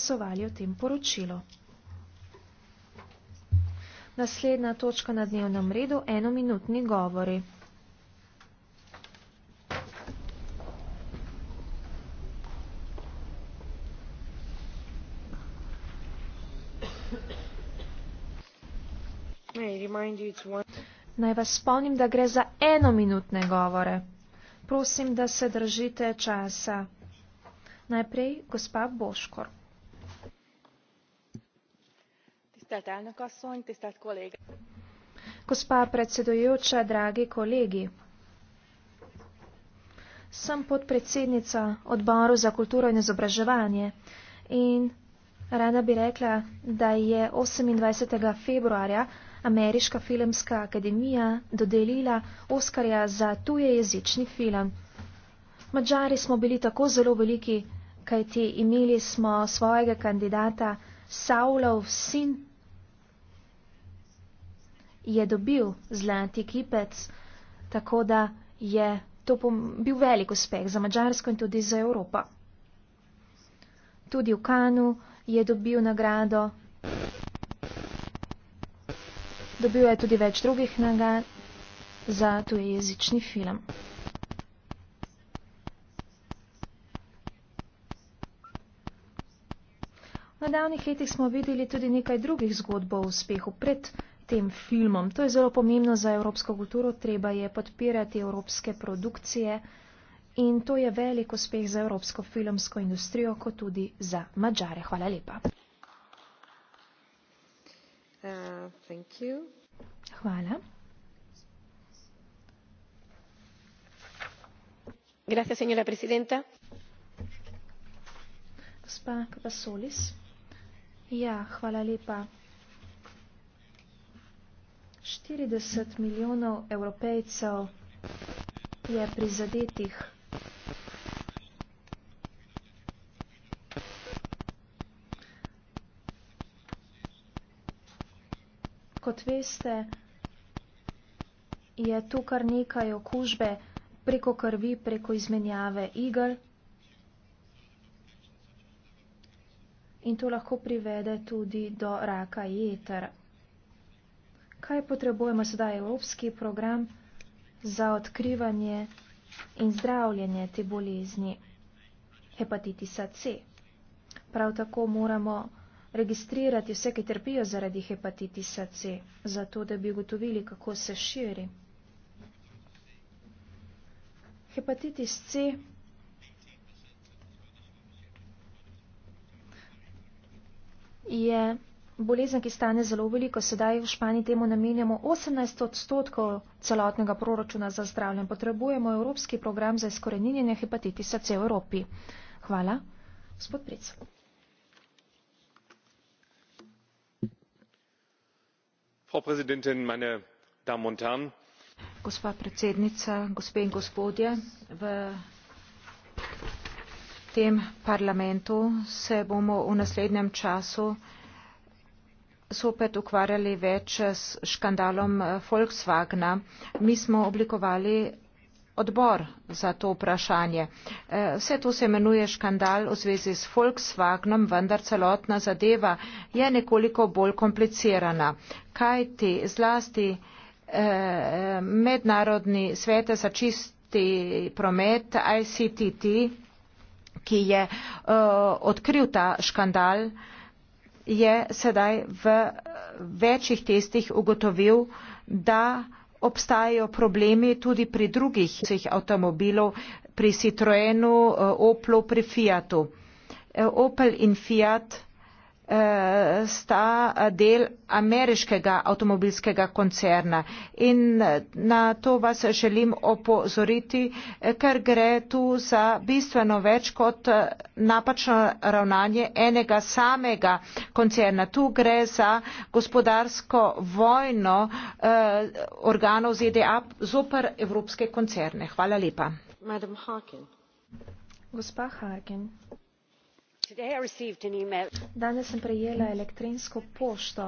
glasovali o tem poročilu. Naslednja točka na dnevnem redu, enominutni govori. Naj vas spomnim, da gre za enominutne govore. Prosim, da se držite časa. Najprej gospa Boškorp. Tisztelt elnök asszony, tisztelt kolléga! Gospa predsedujoča, dragi kolegi! Sem podpredsednica odboru za kulturo in izobraževanje in rada bi rekla, da je 28. februarja Ameriška filmska akademija dodelila Oskarja za tujejezični film. Mačari smo bili tako zelo veliki, kajti imeli smo svojega kandidata Saulov sin je dobil zlati kipec, tako da je to bil velik uspeh za Mačarsko in tudi za Evropo. Tudi v Kanu je dobil nagrado. Dobil je tudi več drugih nagrad za tujezični film. V nedavnih letih smo videli tudi nekaj drugih zgodb o uspehu pred tem filmom. To je zelo pomembno za evropsko kulturo, treba je podpirati evropske produkcije in to je velik uspeh za evropsko filmsko industrijo, kot tudi za Mačare. Hvala lepa. Uh, thank you. Hvala. Gracias, señora presidenta. Gospa Kapasolis. Ja, hvala lepa. 40 milijonov evropejcev je prizadetih. Kot veste, je tu kar nekaj okužbe preko krvi, preko izmenjave igr. In to lahko privede tudi do raka jetra kaj potrebujemo sedaj evropski program za odkrivanje in zdravljenje te bolezni hepatitisa C. Prav tako moramo registrirati vse, ki trpijo zaradi hepatitisa C, zato da bi ugotovili, kako se širi. Hepatitis C je bolezen, ki stane zelo veliko, sedaj v Španiji temu namenjamo 18 odstotkov celotnega proračuna za zdravljen. Potrebujemo Evropski program za izkoreninjenje hepatitisa C v Evropi. Hvala. Gospod Pric. Gospa predsednica, gospe in gospodje, v tem parlamentu se bomo v naslednjem času sopet ukvarjali več s škandalom eh, Volkswagna. Mi smo oblikovali odbor za to vprašanje. Eh, vse to se imenuje škandal v zvezi s Volkswagnom, vendar celotna zadeva je nekoliko bolj komplicirana. Kaj ti zlasti eh, mednarodni svete za čisti promet ICTT, ki je eh, odkril ta škandal, eh, je sedaj v večjih testih ugotovil, da obstajajo problemi tudi pri drugih avtomobilov, pri Citroenu, eh, Oplu, pri Fiatu. Eh, Opel in Fiat Eh, sta del ameriškega avtomobilskega koncerna. In eh, na to vas želim opozoriti, eh, ker gre tu za bistveno več kot napačno ravnanje enega samega koncerna. Tu gre za gospodarsko vojno organov ZDA zoper evropske koncerne. Hvala lepa. Gospa Hagen. Danes sem prejela elektronsko pošto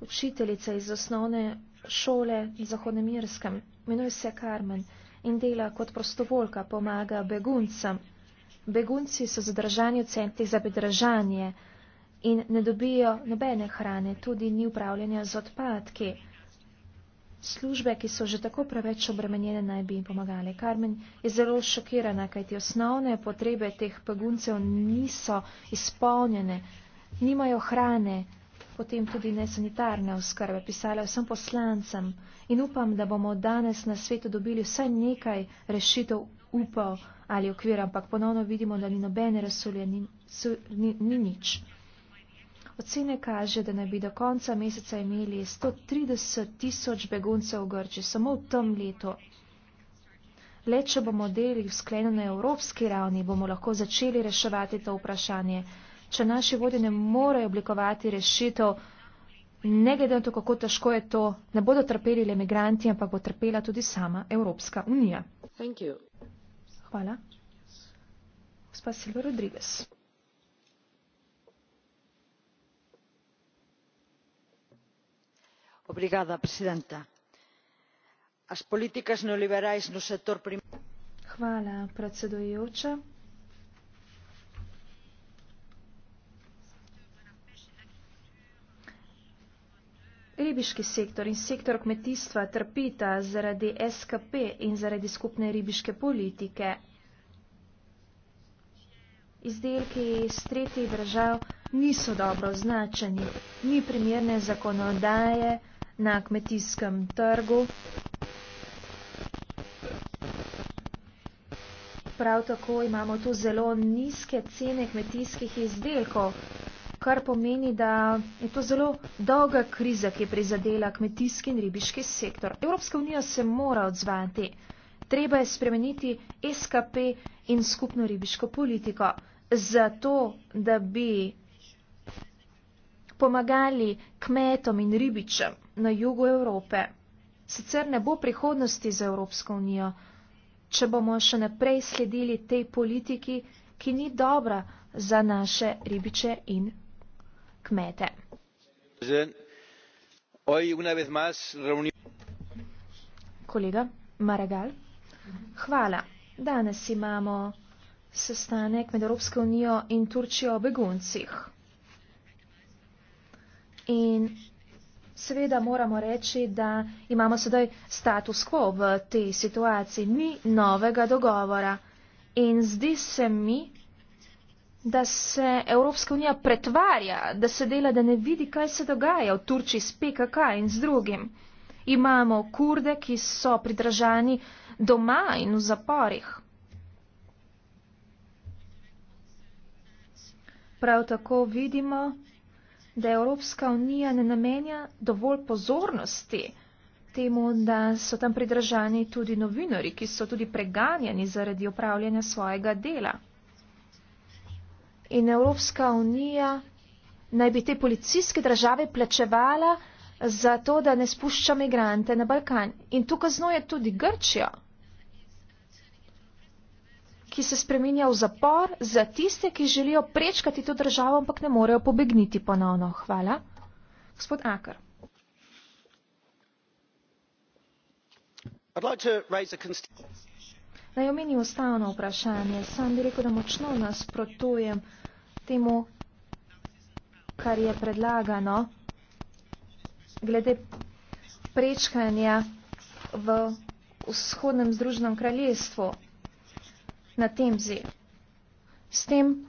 učiteljice iz osnovne šole na Zahodnem Irskem. Imenuje se Carmen in dela kot prostovoljka, pomaga beguncem. Begunci so zadržani v centrih za bedržanje in ne dobijo nobene hrane, tudi ni upravljanja z odpadki službe, ki so že tako preveč obremenjene, naj bi jim pomagali. Karmen je zelo šokirana, kajti osnovne potrebe teh peguncev niso izpolnjene, nimajo hrane, potem tudi ne sanitarne oskrbe. Pisala je vsem poslancem in upam, da bomo danes na svetu dobili vsaj nekaj rešitev upov ali okvir, ampak ponovno vidimo, da ni nobene resolje, ni, ni, ni nič. Ocene kaže, da naj bi do konca meseca imeli 130 tisoč beguncev v Grči, samo v tem letu. Le, če bomo delili v sklenu na evropski ravni, bomo lahko začeli reševati to vprašanje. Če naši vodje ne morejo oblikovati rešitev, ne glede na to, kako težko je to, ne bodo trpeli le migranti, ampak bo trpela tudi sama Evropska unija. Hvala. Gospa Silva Rodriguez. obrigada presidenta as políticas neoliberais no sector hvala predsedujoča ribiški sektor in sektor kmetijstva trpita zaradi skp in zaradi skupne ribiške politike izdelki iz tretjih držav niso dobro označeni ni primerne zakonodaje na kmetijskem trgu. Prav tako imamo tu zelo nizke cene kmetijskih izdelkov, kar pomeni, da je to zelo dolga kriza, ki je prizadela kmetijski in ribiški sektor. Evropska unija se mora odzvati. Treba je spremeniti SKP in skupno ribiško politiko, zato da bi pomagali kmetom in ribičem na jugu Evrope. Sicer ne bo prihodnosti za Evropsko unijo, če bomo še naprej sledili tej politiki, ki ni dobra za naše ribiče in kmete. Kolega Maragal, hvala. Danes imamo sestanek med Evropsko unijo in Turčijo o beguncih. In seveda moramo reči, da imamo sedaj status quo v tej situaciji. Ni novega dogovora. In zdi se mi, da se Evropska unija pretvarja, da se dela, da ne vidi, kaj se dogaja v Turčiji s PKK in z drugim. Imamo kurde, ki so pridržani doma in v zaporih. Prav tako vidimo, da Evropska unija ne namenja dovolj pozornosti temu, da so tam pridržani tudi novinari, ki so tudi preganjani zaradi opravljanja svojega dela. In Evropska unija naj bi te policijske države plačevala za to, da ne spušča migrante na Balkan. In tu kaznuje tudi Grčijo ki se spreminja v zapor za tiste, ki želijo prečkati to državo, ampak ne morejo pobegniti ponovno. Hvala. Gospod Akar. Naj omenim ustavno vprašanje. Sam bi rekel, da močno nasprotujem temu, kar je predlagano glede prečkanja v vzhodnem združenem kraljestvu na temzi. S tem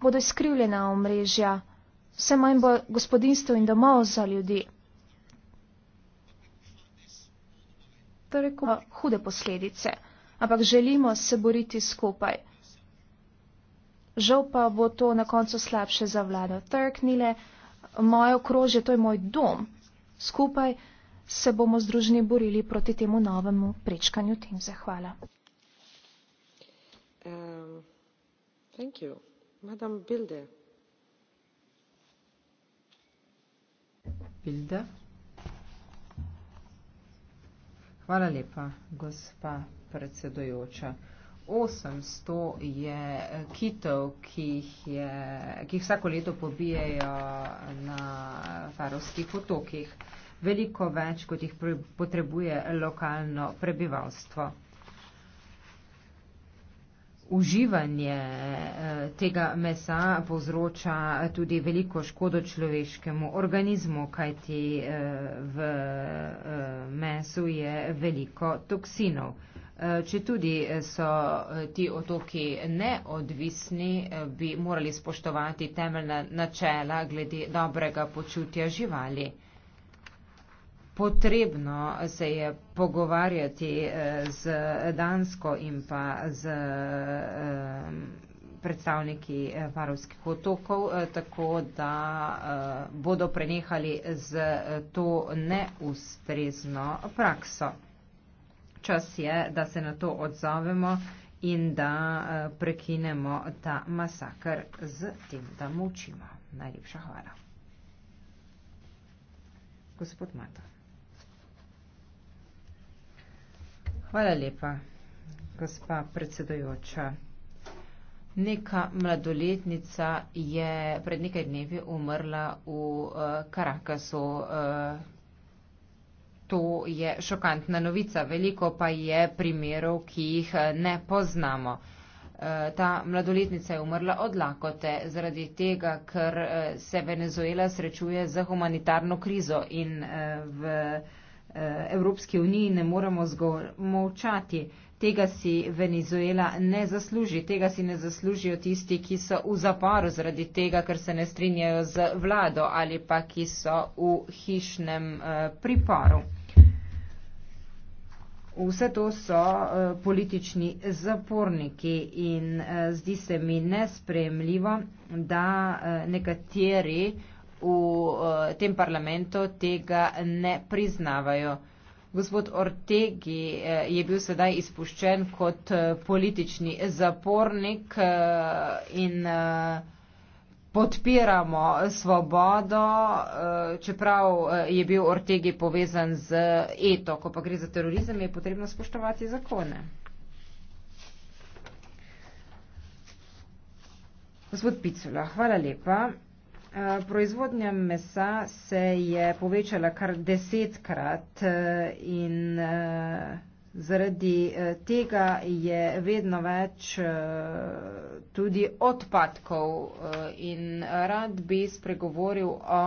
bodo izkrivljena omrežja, vse manj bo gospodinstv in domov za ljudi. Torej, ko hude posledice, ampak želimo se boriti skupaj. Žal pa bo to na koncu slabše za vlado. Trknile, moje okrožje, to je moj dom. Skupaj se bomo združni borili proti temu novemu prečkanju tem zahvala. Um, Hvala lepa, gospa predsedojoča. 800 je kitov, ki jih, je, ki jih vsako leto pobijajo na farovskih otokih. Veliko več, kot jih potrebuje lokalno prebivalstvo uživanje eh, tega mesa povzroča tudi veliko škodo človeškemu organizmu, kajti eh, v eh, mesu je veliko toksinov. Če tudi so ti otoki neodvisni, bi morali spoštovati temeljna načela glede dobrega počutja živali potrebno se je pogovarjati eh, z Dansko in pa z eh, predstavniki Farovskih eh, otokov, tako da bodo prenehali z to neustrezno prakso. Čas je, da se na to odzovemo in da prekinemo ta masakr z tem, da mučimo. Najlepša hvala. Gospod Matov. Hvala lepa, gospa predsedojoča. Neka mladoletnica je pred nekaj dnevi umrla v eh, Karakasu. Eh, to je šokantna novica, veliko pa je primerov, ki jih eh, ne poznamo. Ta mladoletnica je umrla od lakote zaradi tega, ker se Venezuela srečuje z humanitarno krizo in v Karakasu. Eh, Evropski uniji ne moremo zgolj molčati. Tega si Venezuela ne zasluži, tega si ne zaslužijo tisti, ki so v zaporu zaradi tega, ker se ne strinjajo z vlado ali pa ki so v hišnem eh, priporu. Vse to so eh, politični zaporniki in zdi se mi nespremljivo, da nekateri v eh, tem parlamentu tega ne priznavajo. Gospod Ortegi eh, je bil sedaj izpuščen kot eh, politični zapornik in podpiramo svobodo, čeprav je bil Ortegi povezan z eto. Ko pa gre za terorizem, je potrebno spoštovati zakone. Gospod Picula, hvala lepa. Eh, proizvodnja mesa se je povečala kar desetkrat eh, in eh, zaradi tega je vedno več tudi odpadkov in rad bi spregovoril o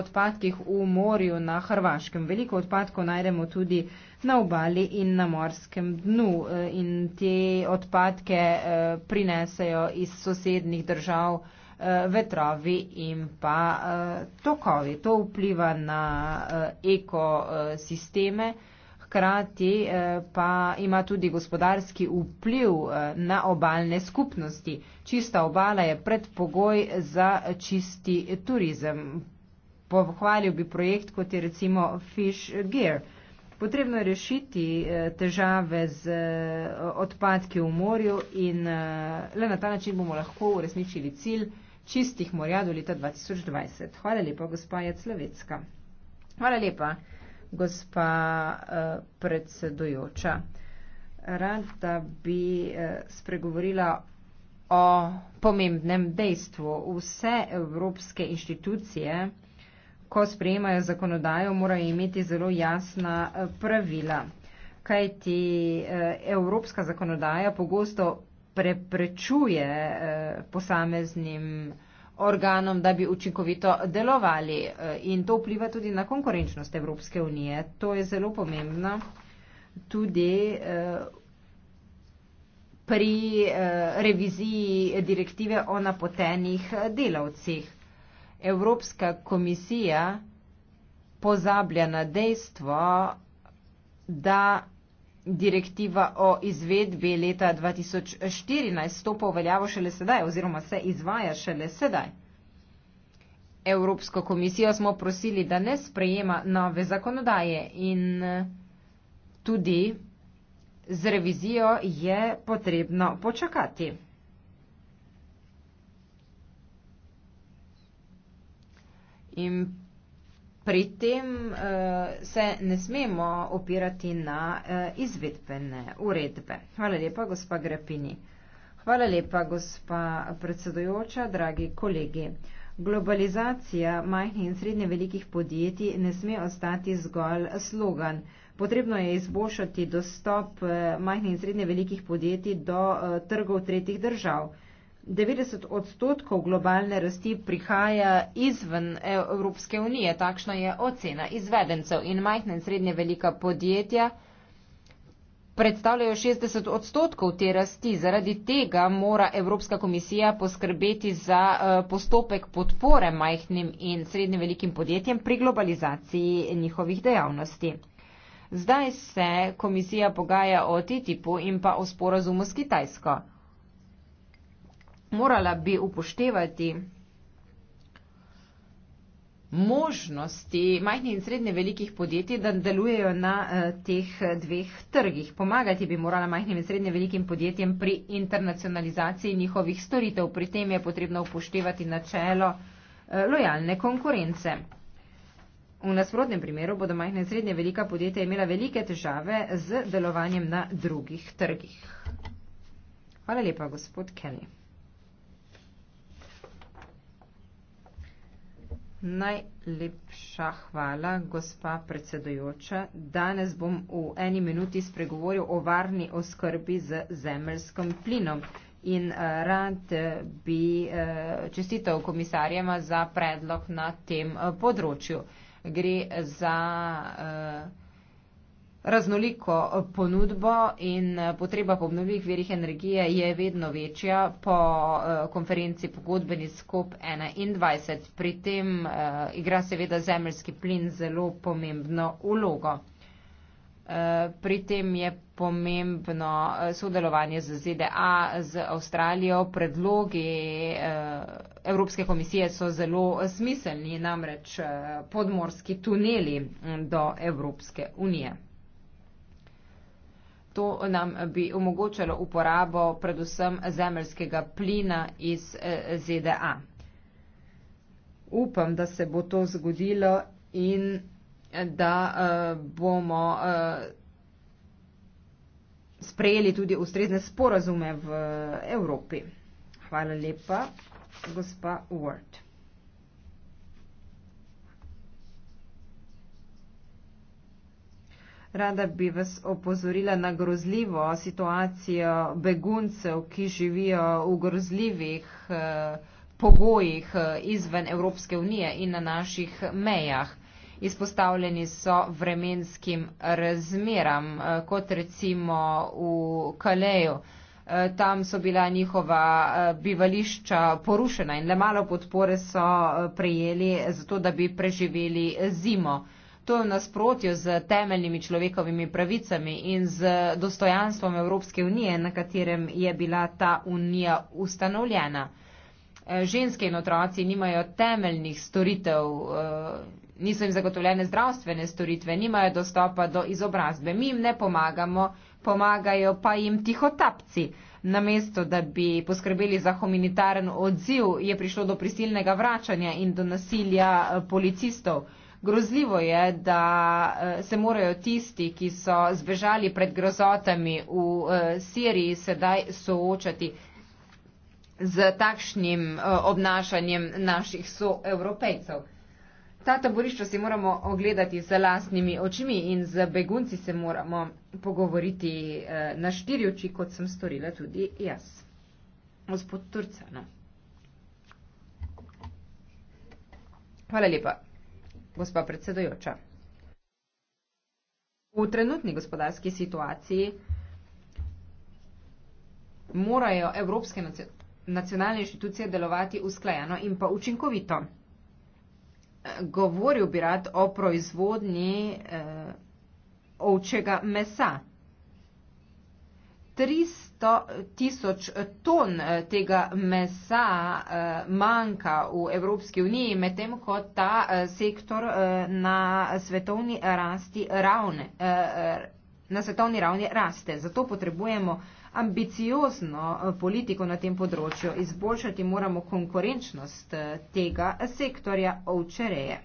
odpadkih v morju na Hrvaškem. Veliko odpadkov najdemo tudi na obali in na morskem dnu in te odpadke prinesejo iz sosednih držav Hrvaške. Eh, vetrovi in pa eh, tokovi. To vpliva na eh, ekosisteme, hkrati pa ima tudi gospodarski vpliv na obalne skupnosti. Čista obala je predpogoj za čisti turizem. Pohvalil bi projekt, kot je recimo Fish Gear. Potrebno je rešiti težave z odpadki v morju in le na ta način bomo lahko uresničili cilj čistih morja do leta 2020. Hvala lepa, gospa Jaclovecka. Hvala lepa, gospa eh, predsedujoča. Rada bi eh, spregovorila o pomembnem dejstvu. Vse evropske inštitucije, ko sprejemajo zakonodajo, morajo imeti zelo jasna eh, pravila, kajti evropska zakonodaja pogosto preprečuje eh, posameznim organom, da bi učinkovito delovali eh, in to vpliva tudi na konkurenčnost Evropske unije. To je zelo pomembno tudi eh, pri reviziji direktive o napotenih delavcih. Evropska komisija pozablja na dejstvo, da direktiva o izvedbi leta 2014 stopa v veljavo šele sedaj oziroma se izvaja šele sedaj. Evropsko komisijo smo prosili, da ne sprejema nove zakonodaje in tudi z revizijo je potrebno počakati. In Pri tem uh, se ne smemo opirati na uh, izvedbene uredbe. Hvala lepa, gospa Grepini. Hvala lepa, gospa predsedujoča, dragi kolegi. Globalizacija majhnih in srednje velikih podjetij ne sme ostati zgolj slogan. Potrebno je izboljšati dostop eh, majhnih in srednje velikih podjetij do trgov tretjih držav. 90 odstotkov globalne rasti prihaja izven e-, Evropske unije. Takšna je ocena izvedencev in majhna in srednje velika podjetja. Predstavljajo 60 odstotkov te rasti. Zaradi tega mora Evropska komisija poskrbeti za e, postopek podpore majhnim in srednje velikim podjetjem pri globalizaciji njihovih dejavnosti. Zdaj se komisija pogaja o TTIP-u in pa o sporazumu s Kitajsko morala bi upoštevati možnosti majhnih in srednje velikih podjetij, da delujejo na eh, teh eh, dveh trgih. Pomagati bi morala majhnim in srednje velikim podjetjem pri internacionalizaciji njihovih storitev. Pri tem je potrebno upoštevati načelo eh, lojalne konkurence. V nasprotnem primeru bodo majhne in srednje velika podjetja imela velike težave z delovanjem na drugih trgih. Hvala lepa, gospod Kelly. Najlepša hvala, gospa predsedojoča. Danes bom v eni minuti spregovoril o varni oskrbi z zemljskim plinom in eh, rad bi eh, čestitev komisarjema za predlog na tem eh, področju. Gre za. Uh, raznoliko eh, ponudbo in eh, potreba po obnovljivih verjih energije je vedno večja po eh, konferenci pogodbeni skup 21. Pri tem igra seveda zemljski plin zelo pomembno ulogo. Pri tem je pomembno sodelovanje z ZDA, z Avstralijo. Predlogi Evropske komisije so zelo smiselni, namreč podmorski tuneli mm, do Evropske unije. To nam bi omogočalo uporabo predvsem zemljskega plina iz eh, ZDA. Upam, da se bo to zgodilo in eh, da eh, bomo sprejeli tudi ustrezne sporazume v Evropi. Hvala lepa, gospa Ward. Rada bi vas opozorila na grozljivo situacijo beguncev, ki živijo v grozljivih eh, pogojih eh, izven Evropske unije in na naših mejah. Izpostavljeni so vremenskim razmeram, eh, kot recimo v Kaleju. Eh, tam so bila njihova eh, bivališča porušena in le malo podpore so eh, prejeli, zato da bi preživeli zimo. Eh, To je v nasprotju z temeljnimi človekovimi pravicami in z dostojanstvom Evropske unije, na katerem je bila ta unija ustanovljena. Eh, ženske in otroci nimajo temeljnih storitev, eh, niso jim zagotovljene zdravstvene storitve, nimajo dostopa do izobrazbe. Mi jim ne pomagamo, pomagajo pa jim tihotapci. Namesto, da bi poskrbeli za humanitaren odziv, je prišlo do prisilnega vračanja in do nasilja eh, policistov. Grozljivo je, da eh, se morajo tisti, ki so zbežali pred grozotami v eh, Siriji, sedaj soočati z takšnim eh, obnašanjem naših soevropejcev. Ta taborišča si moramo ogledati z lastnimi očmi in z begunci se moramo pogovoriti na štiri oči, kot sem storila tudi jaz. Gospod Turcano. Hvala lepa gospa predsedojoča. V trenutni gospodarski situaciji morajo evropske nacionalne inštitucije delovati usklajeno in pa učinkovito. Govoril bi rad o proizvodnji eh, ovčega mesa. 300 200 tisoč ton eh, tega mesa eh, manjka v Evropski uniji, medtem ko ta eh, sektor na svetovni rasti ravne na svetovni ravni raste. Zato potrebujemo ambiciozno politiko na tem področju. Izboljšati moramo konkurenčnost tega sektorja ovčereje.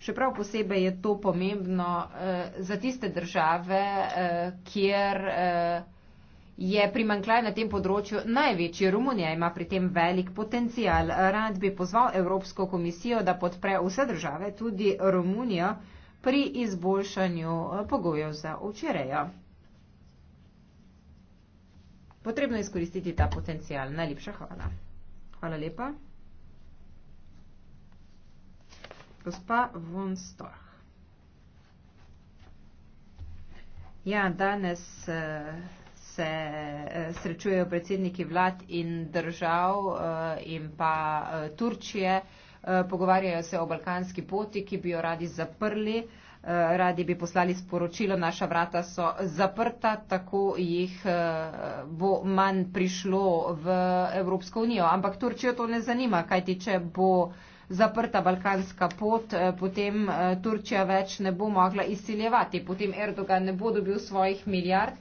Še prav posebej je to pomembno uh, za tiste države, uh, kjer uh, je primankljaj na tem področju največji. Romunija ima pri tem velik potencial. Rad bi pozval Evropsko komisijo, da podpre vse države, tudi Romunijo, pri izboljšanju pogojev za očerejo. Potrebno je izkoristiti ta potencial. Najlepša hvala. Hvala lepa. Gospa von Storch. Ja, danes eh, se eh, srečujejo predsedniki vlad in držav eh, in pa Turčije. Pogovarjajo se o balkanski poti, ki bi jo radi zaprli. Radi bi poslali sporočilo, naša vrata so zaprta, tako jih bo manj prišlo v Evropsko unijo. Ampak Turčijo to ne zanima, kajti če bo zaprta balkanska pot, eh, potem eh, Turčija več ne bo mogla izsiljevati, potem Erdogan ne bo dobil svojih milijard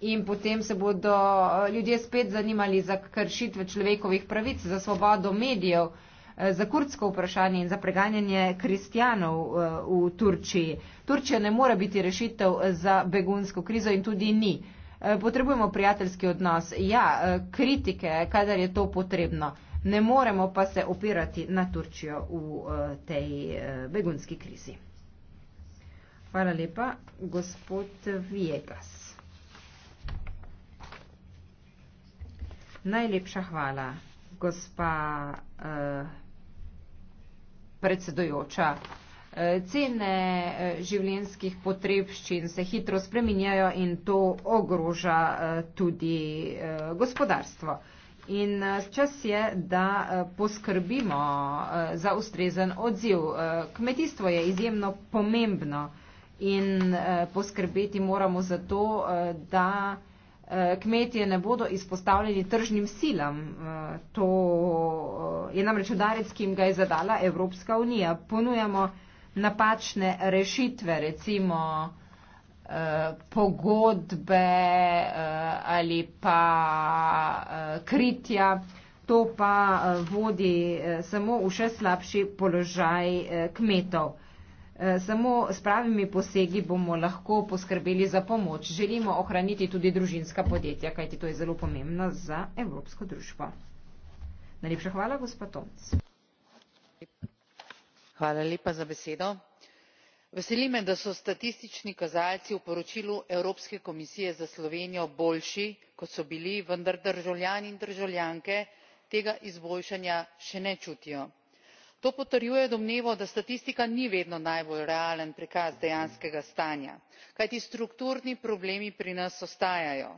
in potem se bodo eh, ljudje spet zanimali za kršitve človekovih pravic, za svobodo medijev, za kurdsko vprašanje in za preganjanje kristjanov v Turčiji. Turčija ne more biti rešitev za begunsko krizo in tudi ni. Potrebujemo prijateljski odnos, ja, kritike, kadar je to potrebno ne moremo pa se opirati na Turčijo v eh, tej eh, begunski krizi. Hvala lepa, gospod Viegas. Najlepša hvala, gospa eh, predsedojoča. Eh, cene eh, življenskih potrebščin se hitro spreminjajo in to ogroža eh, tudi eh, gospodarstvo. Eh, In eh, čas je, da eh, poskrbimo eh, za ustrezen odziv. Kmetijstvo je izjemno pomembno in poskrbeti moramo za to, da kmetije ne bodo izpostavljeni tržnim silam. To je namreč udarec, ki jim ga je zadala Evropska unija. Ponujamo napačne rešitve, recimo Eh, pogodbe eh, ali pa eh, kritja. To pa vodi samo v še slabši položaj kmetov. Samo s pravimi posegi bomo lahko poskrbeli za pomoč. Želimo ohraniti tudi družinska podjetja, kajti to je zelo pomembno za evropsko družbo. Najlepša hvala, gospod Tomc. Hvala lepa za besedo veseli me da so statistični kazalci v poročilu evropske komisije za slovenijo boljši kot so bili vendar državljani in državljanke tega izboljšanja še ne čutijo. to potrjuje domnevo da statistika ni vedno najbolj realen prikaz dejanskega stanja kajti strukturni problemi pri nas ostajajo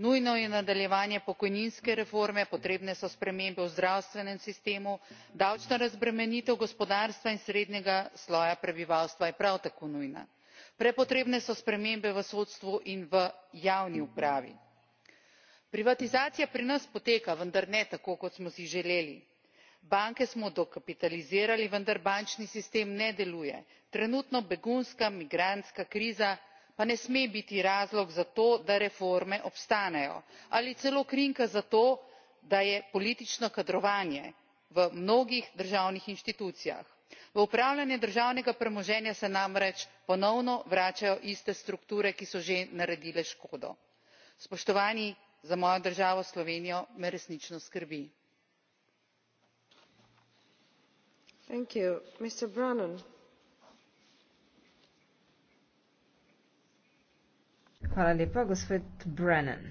nujno je nadaljevanje pokojninske reforme potrebne so spremembe v zdravstvenem sistemu davčna razbremenitev gospodarstva in srednjega sloja prebivalstva je prav tako nujna prepotrebne so spremembe v sodstvu in v javni upravi. privatizacija pri nas poteka vendar ne tako kot smo si želeli. banke smo dokapitalizirali vendar bančni sistem ne deluje trenutno begunska migrantska kriza pa ne sme biti razlog za to da reforme obstanejo ali celo krinka za to da je politično kadrovanje v mnogih državnih inštitucijah. v upravljanje državnega premoženja se namreč ponovno vračajo iste strukture ki so že naredile škodo. spoštovani za mojo državo slovenijo me resnično skrbi. Hvala lepa, gospod Brennan.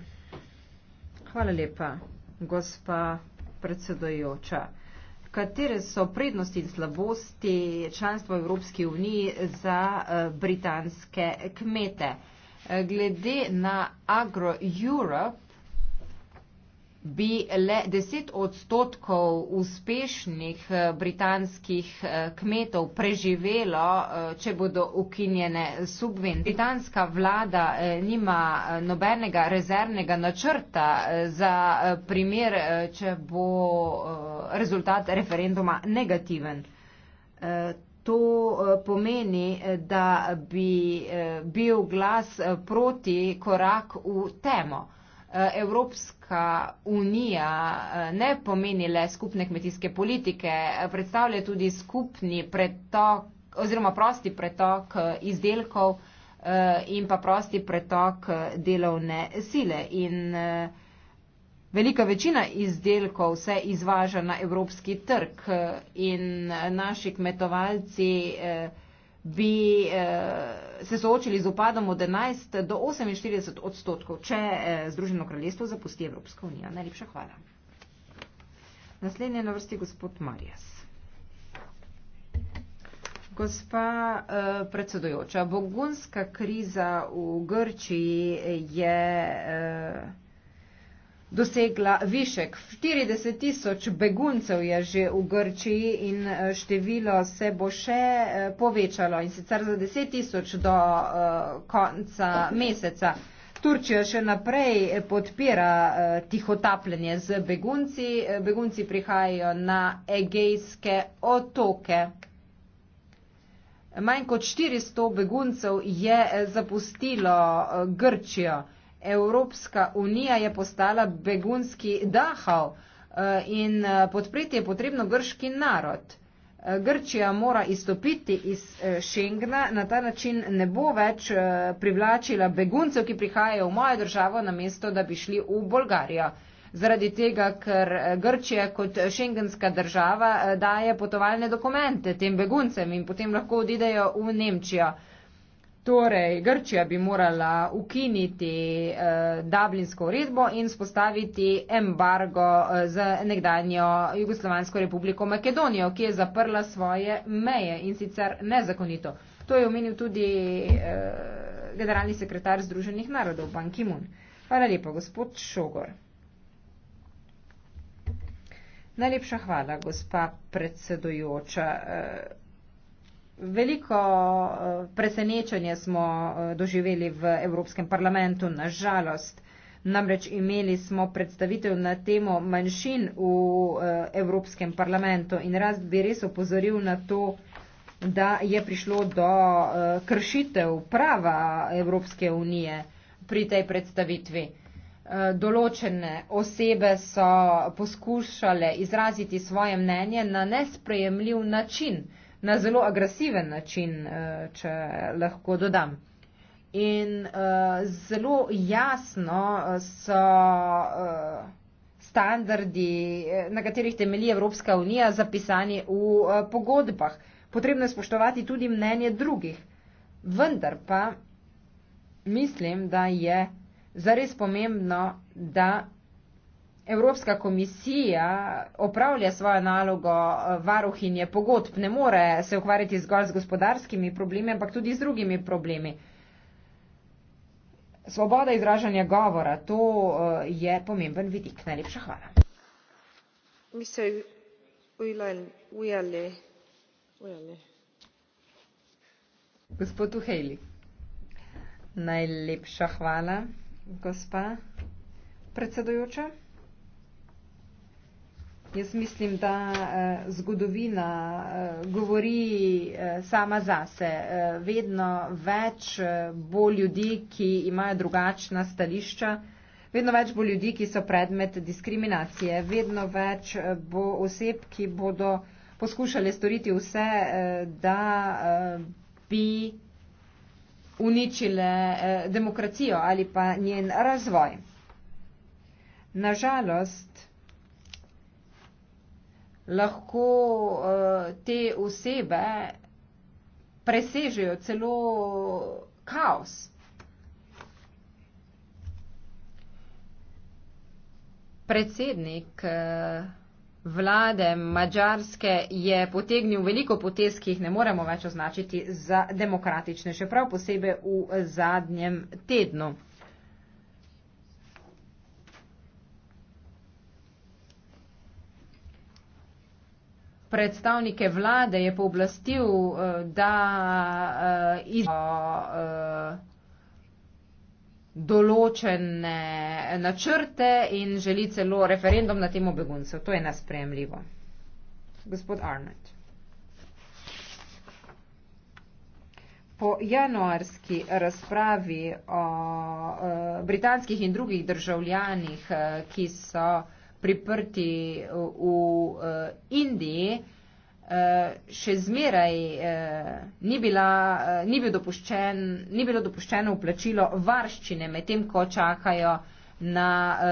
Hvala lepa, gospa predsedojoča. Katere so prednosti in slabosti članstva Evropske unije za eh, britanske kmete? Eh, glede na Agro Europe bi le deset odstotkov uspešnih eh, britanskih eh, kmetov preživelo, eh, če bodo ukinjene subvencije. Britanska vlada nima nobenega rezervnega načrta za primer, če bo rezultat referenduma negativen. To pomeni, da bi bil glas proti korak v temo. Eh, Evropska unija eh, ne pomeni le skupne kmetijske politike, eh, predstavlja tudi skupni pretok oziroma prosti pretok izdelkov in pa prosti pretok delovne sile. In velika večina izdelkov se izvaža na evropski trg in naši kmetovalci bi eh, se soočili z upadom od 11 do 48 odstotkov, če eh, Združeno kraljestvo zapusti Evropsko unijo. Najlepša hvala. Naslednje na vrsti gospod Marjas. Gospa eh, predsedujoča, bogunska kriza v Grčiji je. Eh, dosegla višek. 40 tisoč beguncev je že v Grčiji in eh, število se bo še eh, povečalo in sicer za 10 tisoč do eh, konca meseca. Turčija še naprej podpira tihotapljenje z begunci. Begunci prihajajo na Egejske otoke. Manj kot 400 beguncev je zapustilo Grčijo. Evropska unija je postala begunski dahal eh, in eh, podpreti je potrebno grški narod. Eh, Grčija mora izstopiti iz Schengna, na ta način ne bo več privlačila beguncev, ki prihajajo v mojo državo, namesto da bi šli v Bolgarijo. Zaradi tega, ker Grčija kot šengenska država daje potovalne dokumente tem beguncem in potem lahko odidejo v Nemčijo. Torej, Grčija bi morala ukiniti eh, Dublinsko uredbo in spostaviti embargo eh, za nekdanjo Jugoslovansko republiko Makedonijo, ki je zaprla svoje meje in sicer nezakonito. To je omenil tudi eh, generalni sekretar Združenih narodov, Ban Ki-moon. Hvala lepa, gospod Šogor. Najlepša hvala, gospa predsedojoča. Eh, Veliko eh, presenečenje smo eh, doživeli v Evropskem parlamentu, nažalost. Namreč imeli smo predstavitev na temo manjšin v eh, Evropskem parlamentu in raz bi res opozoril na to, da je prišlo do kršitev prava Evropske unije pri tej predstavitvi. Določene osebe so poskušale izraziti svoje mnenje na nesprejemljiv način na zelo agresiven način, eh, če lahko dodam. In eh, zelo jasno eh, so standardi, na katerih temelji Evropska unija, zapisani v pogodbah. Potrebno je spoštovati tudi mnenje drugih. Vendar pa mislim, da je zares pomembno, da Evropska komisija opravlja svojo nalogo eh, varuhinje pogodb, ne more se ukvarjati zgolj z gospodarskimi problemi, ampak tudi z drugimi problemi. Svoboda izražanja govora, to eh, je pomemben vidik. Najlepša hvala. Gospod Uhejli, najlepša hvala, gospa predsedujoča. Jaz mislim, da eh, zgodovina eh, govori eh, sama zase. Eh, vedno več eh, bo ljudi, ki imajo drugačna stališča, vedno več bo ljudi, ki so predmet diskriminacije, vedno več eh, bo oseb, ki bodo poskušali storiti vse, eh, da eh, bi uničile eh, demokracijo ali pa njen razvoj. Nažalost, lahko eh, te osebe presežejo celo kaos. Predsednik eh, vlade Mačarske je potegnil veliko potez, ki jih ne moremo več označiti za demokratične, še prav posebej v zadnjem tednu. predstavnike vlade je povlastil, eh, da eh, iz eh, določene načrte in želi celo referendum na temo beguncev. To je nasprejemljivo. Gospod Arnold. Po januarski razpravi o britanskih in drugih državljanih, ki so priprti eh, v eh, Indiji, eh, še zmeraj ni, bila, ni, bil dopuščen, ni bilo dopuščeno uplačilo varščine med tem, ko čakajo na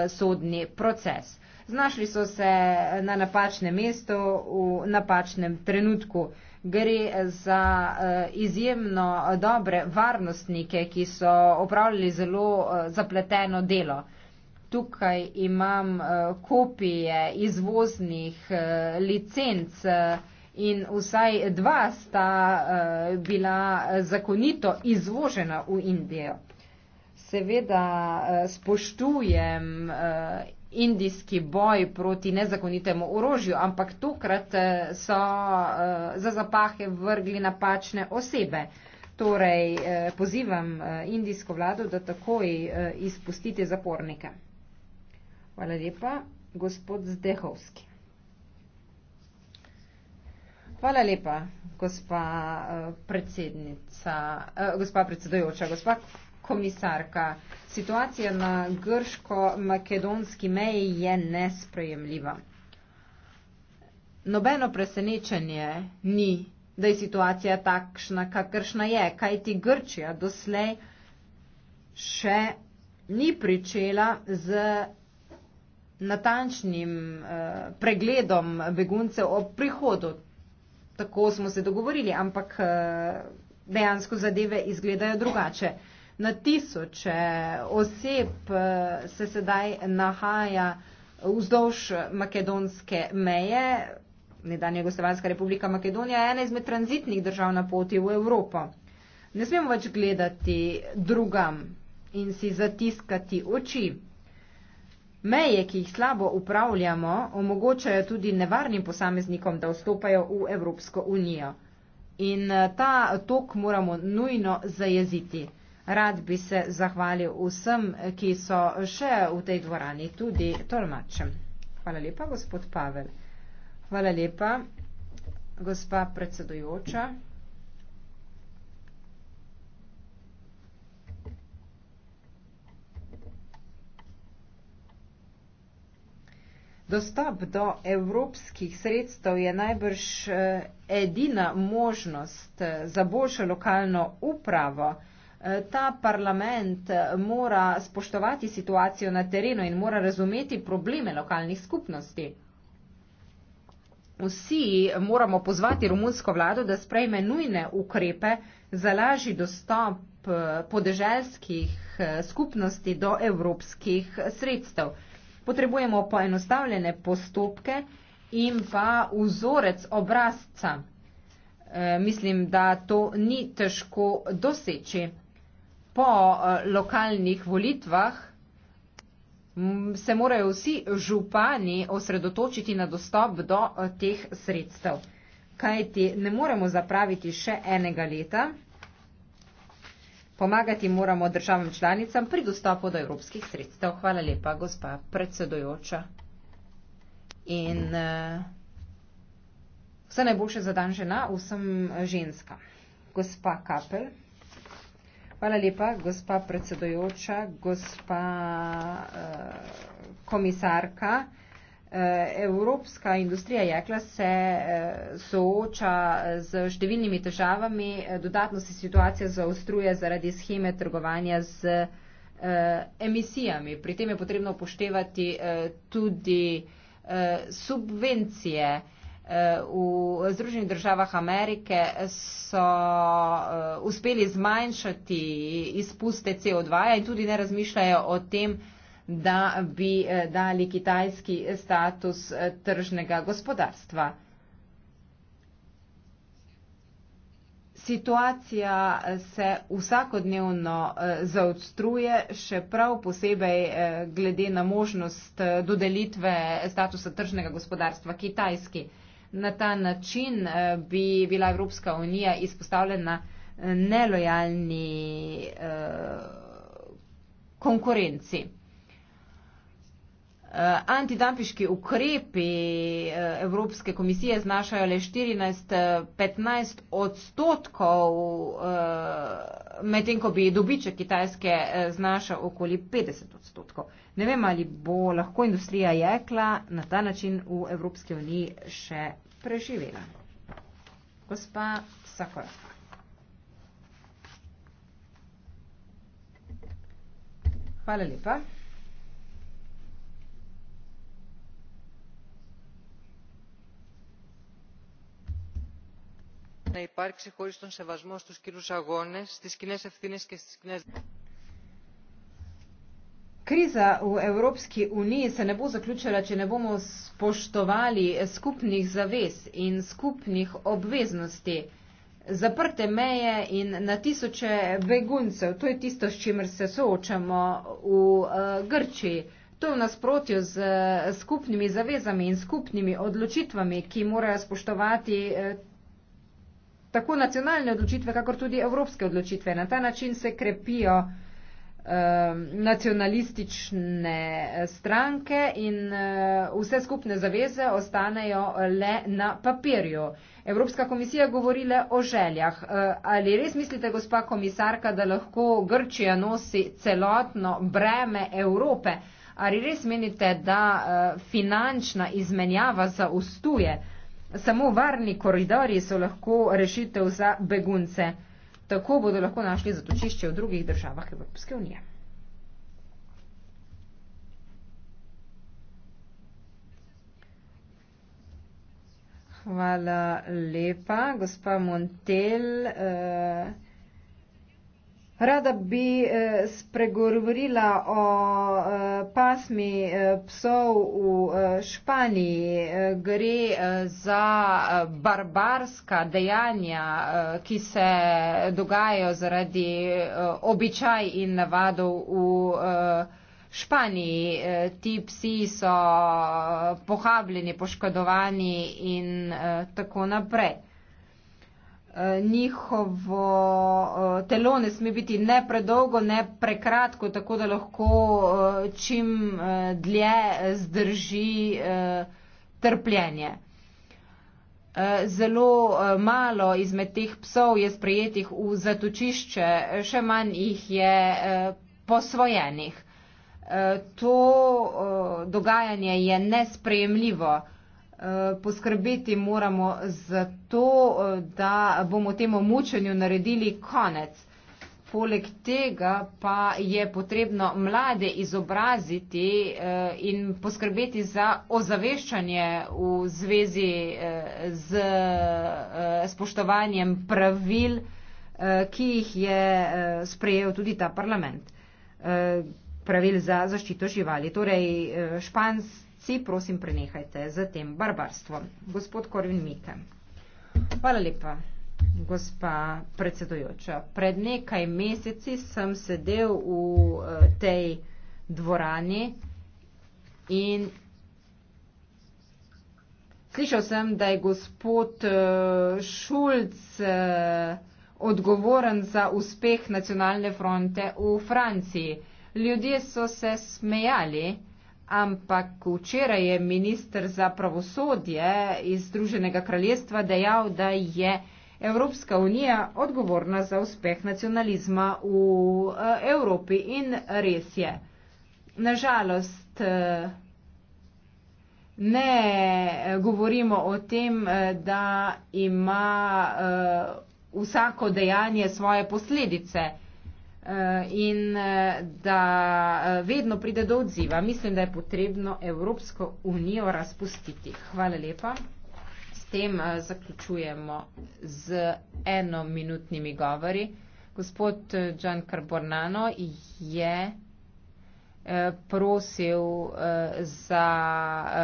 sodni proces. Znašli so se na napačnem mestu v napačnem trenutku. Gre za izjemno dobre varnostnike, ki so opravljali zelo zapleteno delo tukaj imam uh, kopije izvoznih uh, licenc eh, in vsaj dva sta uh, bila zakonito izvožena v Indijo. Seveda uh, spoštujem uh, indijski boj proti nezakonitemu orožju, ampak tokrat so uh, za zapahe vrgli napačne osebe. Torej, pozivam indijsko vlado, da takoj izpustite zapornike. Hvala lepa. Gospod Zdehovski. Hvala lepa, gospa eh, predsednica, eh, gospa predsedojoča, gospa komisarka. Situacija na grško-makedonski meji je nesprejemljiva. Nobeno presenečenje ni, da je situacija takšna, kakršna je, kaj ti Grčija doslej še ni pričela z natančnim uh, pregledom beguncev ob prihodu. Tako smo se dogovorili, ampak uh, dejansko zadeve izgledajo drugače. Na tisoče oseb uh, se sedaj nahaja vzdolž makedonske meje. Nedanja Jugoslavijska republika Makedonija je ena izmed tranzitnih držav na poti v Evropo. Ne smemo več gledati drugam in si zatiskati oči. Meje, ki jih slabo upravljamo, omogočajo tudi nevarnim posameznikom, da vstopajo v Evropsko unijo. In eh, ta tok moramo nujno zajeziti. Rad bi se zahvalil vsem, ki so še v tej dvorani, tudi tolmačem. Hvala lepa, gospod Pavel. Hvala lepa, gospa predsedujoča. Dostop do evropskih sredstev je najbrž eh, edina možnost eh, za boljšo lokalno upravo. Eh, ta parlament mora spoštovati situacijo na terenu in mora razumeti probleme lokalnih skupnosti. Vsi moramo pozvati romunsko vlado, da sprejme nujne ukrepe za lažji dostop podeželskih skupnosti do evropskih sredstev potrebujemo poenostavljene postopke in pa vzorec obrazca. E, mislim, da to ni težko doseči. Po e, lokalnih volitvah se morajo vsi župani osredotočiti na dostop do e, teh sredstev. Kajti ne moremo zapraviti še enega leta pomagati moramo državam članicam pri dostopu do evropskih sredstev. Hvala lepa, gospa predsedojoča. In uh, vse najboljše za dan žena, vsem ženska. Gospa Kapel. Hvala lepa, gospa predsedojoča, gospa uh, komisarka. Eh, evropska industrija jekla se eh, sooča z številnimi težavami, eh, dodatno se situacija zaostruje zaradi scheme trgovanja z emisijami. Pri tem je potrebno upoštevati tudi subvencije. V Združenih državah Amerike so uspeli zmanjšati izpuste CO2 in tudi ne razmišljajo o tem, da bi eh, dali kitajski status eh, tržnega gospodarstva. Situacija eh, se vsakodnevno zaostruje, še prav posebej glede na možnost dodelitve statusa tržnega gospodarstva Kitajski. Na ta način bi bila Evropska unija izpostavljena nelojalni konkurenci. Eh, antidampiški ukrepi eh, Evropske komisije znašajo le 14-15 eh, odstotkov, medtem ko bi dobiček Kitajske znašal okoli 50 odstotkov. Ne vem, ali bo lahko industrija jekla na ta način v Evropski uniji še preživela. Gospa Sakora. Hvala lepa. να υπάρξει χωρί τον σεβασμό στου κοινού αγώνε, στι κοινέ ευθύνε και στι κοινέ. Kriza v Evropski uniji se ne bo zaključila, če ne bomo spoštovali skupnih zavez in skupnih obveznosti. Zaprte meje in na tisoče beguncev, to je tisto, s čimer se soočamo v eh, Grčiji. To je v nasprotju z eh, skupnimi zavezami in skupnimi odločitvami, ki morajo spoštovati eh, tako nacionalne odločitve, kakor tudi evropske odločitve. Na ta način se krepijo ehm, nacionalistične eh, stranke in eh, vse skupne zaveze ostanejo le na papirju. Evropska komisija govori le o željah. Eh, ali res mislite, gospa komisarka, da lahko Grčija nosi celotno breme Evrope? Ali res menite, da finančna izmenjava zaustuje? Samo varni koridori so lahko rešitev za begunce. Tako bodo lahko našli zatočišče v drugih državah Evropske unije. Hvala lepa, gospa Montel. Uh, Rada bi eh, spregovorila o eh, pasmi eh, psov v Španiji. Gre za barbarska dejanja, ki se dogajajo zaradi običaj in navadov v Španiji. Ti psi so pohabljeni, poškodovani in tako naprej. Eh, njihovo eh, telo ne sme biti ne predolgo, ne prekratko, tako da lahko eh, čim dlje zdrži trpljenje. Zelo malo izmed teh psov je sprejetih v zatočišče, še manj jih je posvojenih. To dogajanje je nespremljivo. Eh, poskrbeti moramo za to, eh, da bomo temu mučenju naredili konec. Poleg tega pa je potrebno mlade izobraziti eh, in poskrbeti za ozaveščanje v zvezi z spoštovanjem pravil, ki jih je sprejel tudi ta parlament. Pravil za zaščito živali. Torej, špansk Vsi prosim prenehajte z tem barbarstvom. Gospod Korvin Mike. Hvala lepa, gospa predsedojoča. Pred nekaj meseci sem sedel v eh, tej dvorani in slišal sem, da je gospod eh, Šulc eh, odgovoren za uspeh nacionalne fronte v Franciji. Ljudje so se smejali ampak včeraj je minister za pravosodje iz Združenega kraljestva dejal, da je Evropska unija odgovorna za uspeh nacionalizma v eh, Evropi in res je. Nažalost, eh, ne eh, govorimo o tem, da ima vsako dejanje svoje posledice. Eh, in eh, da eh, vedno pride do odziva. Mislim, da je potrebno Evropsko unijo razpustiti. Hvala lepa. S tem zaključujemo z enominutnimi govori. Gospod Džan Karbornano je prosil za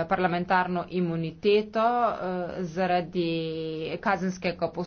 parlamentarno imuniteto zaradi kazenskega postopka.